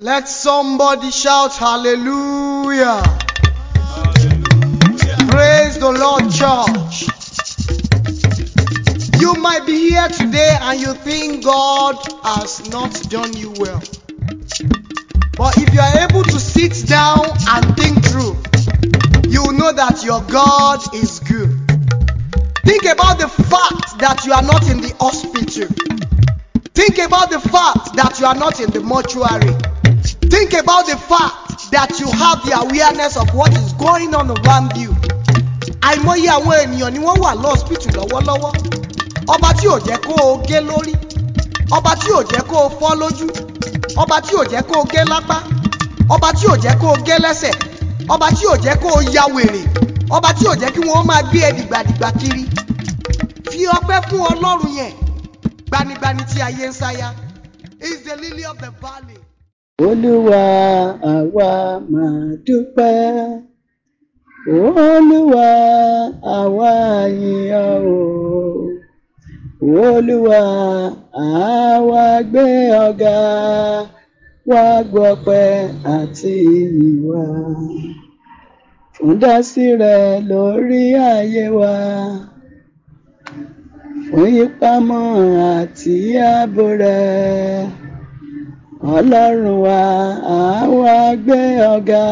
Let somebody shout hallelujah. hallelujah. Praise the Lord, church. You might be here today and you think God has not done you well. But if you are able to sit down and think through, you know that your God is good. Think about the fact that you are not in the hospital. Think about the fact that you are not in the mortuary. Think about the fact that you have the awareness of what is going on around you. Àìmọye àwọn ènìyàn ni wọ́n wà lọ́ọ̀sìpìtì lọ́wọ́lọ́wọ́. Ọba tí ò jẹ́ kó o gé lórí. Ọba tí ò jẹ́ kó o fọ́ lójú. Ọba tí ò jẹ́ kó o gé lápá. Ọba tí ò jẹ́ kó o gé lẹ́sẹ̀. Ọba tí ò jẹ́ kó o ya wèrè. Ọba tí ò jẹ́ kí wọ́n máa gbé ẹ kiri. Fi ọpẹ́ fún Ọlọ́run yẹn. Gbanigbani tí ayé ń sáyà is the lily of the valley. Olúwa àwa máa dúpẹ́. Olúwa àwa yìn ọ́ o. Olúwa àwa gbé ọ ga. Wá gbọ́pẹ́ àti ìyìn wa. rẹ lórí ayé wa. Fún ìpamọ́ àti ààbò rẹ ọlọ́run wa àwa gbé ọ̀gá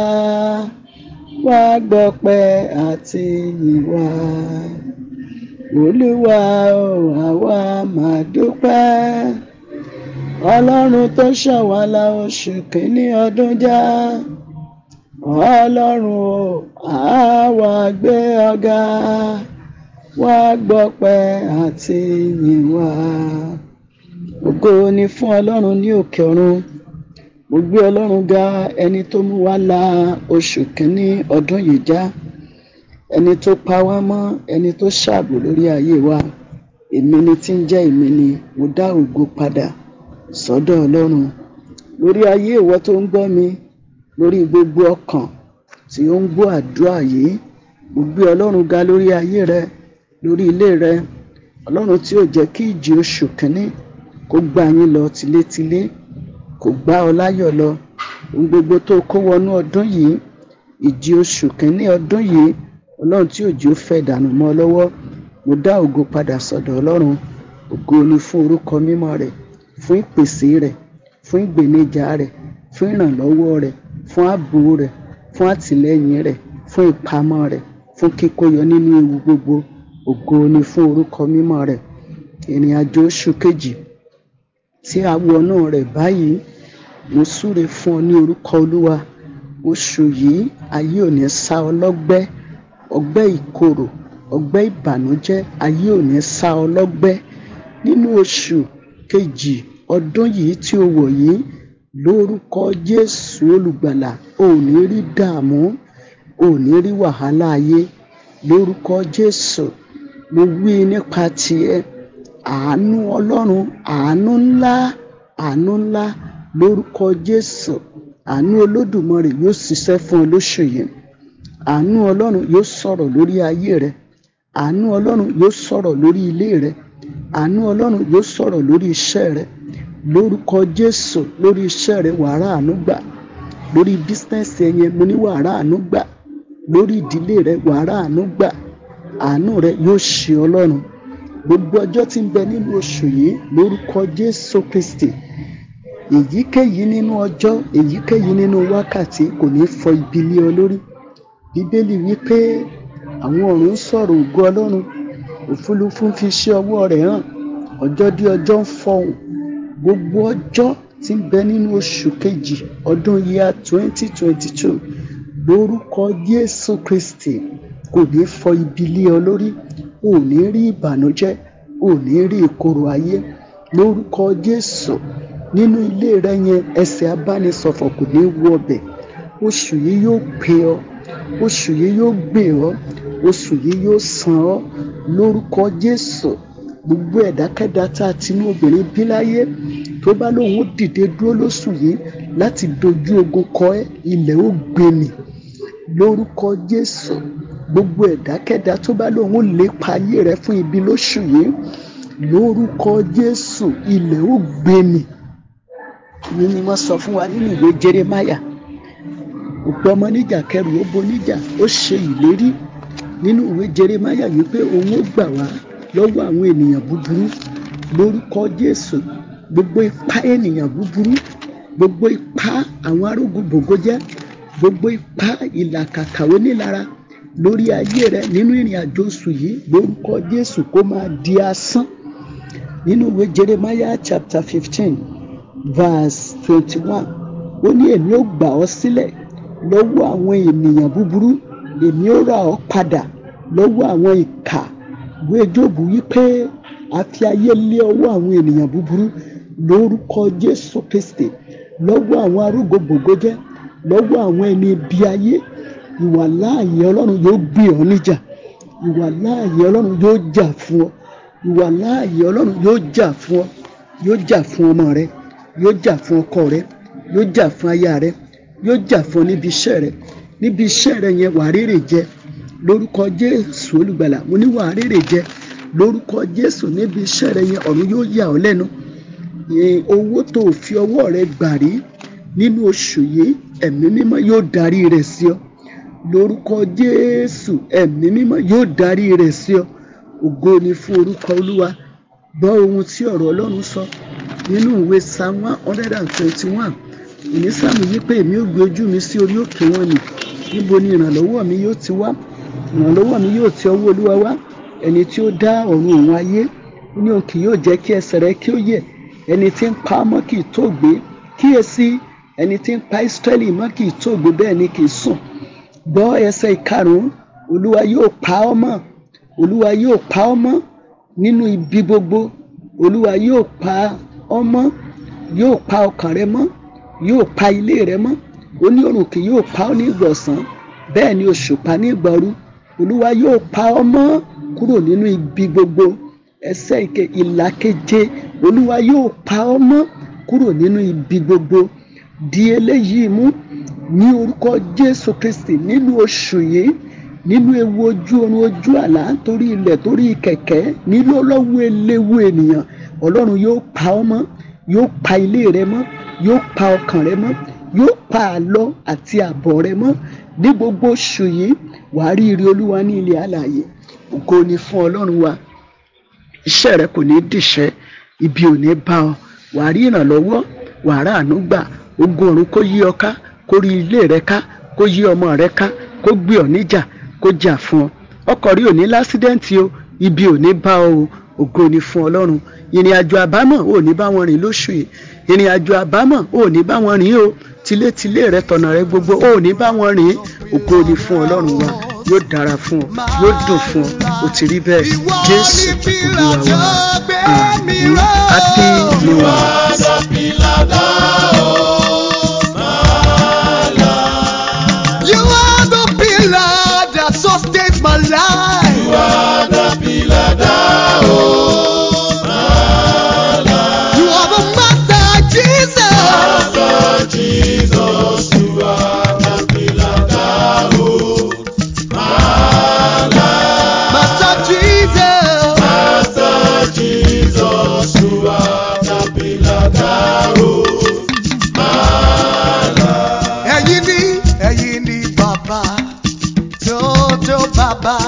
wa gbọ́pẹ́ àti ìyìn olúwa o àwa máa dúpẹ́ ọlọ́run tó ṣọ̀wá la oṣù kìíní ọdún já ọlọ́run o àwa gbé ọ̀gá wa gbọ́pẹ́ àti ìyìn ògo ni fún ọlọ́run ní òkè ọ̀run mo gbé ọlọ́run ga ẹni tó mú wa la oṣù kínní ọdún yìí já ẹni tó pa wá mọ́ ẹni tó ṣààbò lórí ayé wa èmi ni tí ń jẹ́ èmi ni mo dá ògo padà sọ́dọ̀ ọlọ́run lórí ayé ìwọ tó ń gbọ́ mi lórí gbogbo ọkàn tí ó ń gbọ́ àdúrà yìí mo gbé ọlọ́run ga lórí ayé rẹ lórí ilé rẹ ọlọ́run tí ò jẹ́ kí ìjì oṣù kínní kó gbá yín lọ tilétilé kó gbá ọ láyọ̀ lọ ohun gbogbo tó kó wọnú ọdún yìí ìjì oṣù kínní ọdún yìí ọlọ́run tí òjò fẹ́ dànù mọ́ ọ lọ́wọ́ mo dá ògo padà sọ́dọ̀ ọlọ́run ògo ni fún orúkọ mímọ́ rẹ̀ fún ìpèsè rẹ̀ fún ìgbèníjà rẹ̀ fún ìrànlọ́wọ́ rẹ̀ fún ààbò rẹ̀ fún àtìlẹ́yìn rẹ̀ fún ìpamọ́ rẹ̀ fún kíkóyọ nínú ewu gbogbo ògo ni fún orúkọ mímọ́ rẹ̀ ìrìn àjò oṣù kejì tí a wọnú rẹ̀ báyìí. Mo súre fún ọ ní orúkọ Olúwa. Oṣù yìí ayé ò ní sá ọ lọ́gbẹ́. Ọgbẹ́ ìkorò, ọgbẹ́ ìbànújẹ́, ayé ò ní sá ọ lọ́gbẹ́. Nínú oṣù kejì ọdún yìí tí o wọ̀ yìí, lórúkọ Jésù Olùgbàlà, o rí dààmú, o rí wàhálà ayé. Lórúkọ Jésù, mo wí nípa tiẹ̀ àánú Ọlọ́run, àánú ńlá, àánú ńlá lórúkọ Jésù. Àánú Olódùmarè yóò ṣiṣẹ́ fún ọ lóṣù yìí. Àánú Ọlọ́run yóò sọ̀rọ̀ lórí ayé rẹ. Àánú Ọlọ́run yóò sọ̀rọ̀ lórí ilé rẹ. Àánú Ọlọ́run yóò sọ̀rọ̀ lórí iṣẹ́ rẹ. Lórúkọ Jésù, lórí iṣẹ́ rẹ wàá rà àánú gbà. Lórí bísínẹ́sì ẹ mo ní wàá àánú gbà. Lórí ìdílé rẹ wàá àánú gbà. Àánú rẹ yóò ṣe Ọlọ́run gbogbo ọjọ́ tí ń bẹ nínú oṣù yìí lórúkọ Jésù Kristi èyíkéyìí nínú ọjọ́ èyíkéyìí nínú wákàtí kò ní fọ ibi lé ọ lórí bíbélì wípé àwọn ọ̀run ń sọ̀rọ̀ ògo Ọlọ́run òfúlufú ń fi ṣe ọwọ́ rẹ̀ hàn ọjọ́ dé ọjọ́ ń fọhùn gbogbo ọjọ́ tí ń bẹ nínú oṣù kejì ọdún yíya twenty twenty two lórúkọ Jésù Kristi kò ní fọ ibi lé ọ lórí ò ní rí ìbànújẹ́ ò ní rí ìkorò ayé lórúkọ Jésù nínú ilé rẹ yẹn ẹsẹ̀ abánisọ̀fọ̀ kò ní wọ ọbẹ̀ oṣù yìí yóò pè ọ́ oṣù yìí yóò gbè ọ́ oṣù yìí yóò san ọ́ lórúkọ Jésù gbogbo ẹ̀dákẹ́dá tá a ti ní obìnrin bí láyé tó bá lóun dìde dúró lóṣù yìí láti dojú ogun kọ ẹ́ ilẹ̀ ó gbé mì lórúkọ Jésù gbogbo ẹ̀dákẹ́dá tó bá lóun lépa ayé rẹ fún ibi lóṣù yìí lórúkọ Jésù ilẹ̀ ó gbé mi ìyẹn ni wọ́n sọ fún wa nínú ìwé Jeremáyà òpè ọmọ níjà kẹrù ó boníjà ó ṣe ìlérí nínú ìwé Jeremáyà yìí pé òun ó gbà wá lọ́wọ́ àwọn ènìyàn búburú lórúkọ Jésù gbogbo ipá ènìyàn búburú gbogbo ipá àwọn arógun bògójẹ́ gbogbo ipá ìlàkàkà onílara lórí ayé rẹ nínú ìrìn àjò oṣù yìí lórúkọ Jésù kó máa di asán nínú ìwé Jeremiah chapter fifteen verse twenty one ó ní èmi ó gbà ọ́ sílẹ̀ lọ́wọ́ àwọn ènìyàn búburú èmi ó rà ọ́ padà lọ́wọ́ àwọn ìkà ìwé Jóòbù wípé a fi ayé lé ọwọ́ àwọn ènìyàn búburú lórúkọ Jésù Kristi lọ́wọ́ àwọn arúgbó gbògbó jẹ́ lọ́wọ́ àwọn ẹni ibi ayé ìwà láàyè ọlọ́run yóò gbé ọ níjà ìwà láàyè ọlọ́run yóò jà fún ọ ìwà láàyè ọlọ́run yóò jà fún ọ yóò jà fún ọmọ rẹ yóò jà fún ọkọ rẹ yóò jà fún aya rẹ yóò jà fún ọ níbi iṣẹ́ rẹ níbi iṣẹ́ rẹ yẹn wàá rèrè jẹ lórúkọ jésù olùgbàlà mo ní wàá rèrè jẹ lórúkọ jésù níbi iṣẹ́ rẹ yẹn ọ̀run yóò yà ọ́ lẹ́nu owó tó fi ọwọ́ rẹ gbà rí nínú oṣù yìí ẹ̀mí mímọ́ yóò darí rẹ̀ sí ọ lórúkọ Jésù ẹ̀mí mímọ́ yóò darí rẹ̀ sí ọ ògo ni fún orúkọ Olúwa gbọ́ ohun tí ọ̀rọ̀ Ọlọ́run sọ nínú ìwé psalm one hundred and twenty one ìní sáàmù yí pé èmi ò gbé ojú mi sí orí òkè wọn nì níbo ni ìrànlọ́wọ́ mi yóò ti wá ìrànlọ́wọ́ mi yóò ti ọwọ́ Olúwa wá ẹni tí ó dá ọ̀run òun ayé ní òkè yóò jẹ́ kí ẹsẹ̀ rẹ kí ó yẹ̀ ẹni tí ń pa á kì í tó gbé kíyèsí ẹni tí ń pa Ísírẹ́lì mọ́ kì í tó gbé bẹ́ẹ̀ ni kì í sùn gbọ́ ẹsẹ̀ ìkarùnún olúwa yóò pa ọ́ mọ́ olúwa yóò pa ọ́ mọ́ nínú ibi gbogbo olúwa yóò pa ọ́ mọ́ yóò pa ọkàn rẹ mọ́ yóò pa ilé rẹ mọ́ ó ní òrùn kì yóò pa ọ́ ní ìgbà bẹ́ẹ̀ ni òṣùpá ní ìgbà olúwa yóò pa ọ́ mọ́ kúrò nínú ibi gbogbo ẹsẹ̀ ìkẹ ìlà keje olúwa yóò pa ọ́ mọ́ kúrò nínú ibi gbogbo di eléyìí mú ní orúkọ jésù kristi nínú oṣù yìí nínú ewu ojú oorun ojú àlá torí ilẹ̀ torí kẹ̀kẹ́ nínú ọlọ́wọ́ eléwu ènìyàn ọlọ́run yóò pa ọ́ mọ́ yóò pa ilé rẹ mọ́ yóò pa ọkàn rẹ mọ́ yóò pa àlọ àti àbọ̀ rẹ mọ́ ní gbogbo oṣù yìí wàá rí ire olúwa ní ilẹ̀ alààyè ògo ni fún ọlọ́run wa iṣẹ́ rẹ kò ní dìṣẹ́ ibi ò ní bá ọ wàá rí ìrànlọ́wọ́ wàá rà àánú gbà ogun ọ̀run kó yí ọ ká kó rí ilé rẹ ká kó yí ọmọ rẹ ká kó gbé ọ níjà kó jà fún ọ ọkọ̀ rí òní lásídẹ́ǹtì o ibi òní bá o ògo ni fún ọlọ́run ìrìn àjò àbámọ̀ ò bá wọn rìn lóṣù yìí ìrìn àjò àbámọ̀ ò bá wọn rìn o tilétilé rẹ tọ̀nà rẹ gbogbo ò bá wọn rìn ògo ni fún ọlọ́run wa yóò dára fún ọ yóò dùn fún ọ ó ti rí bẹ́ẹ̀ jésù olúwa wa àmín happy new bàbá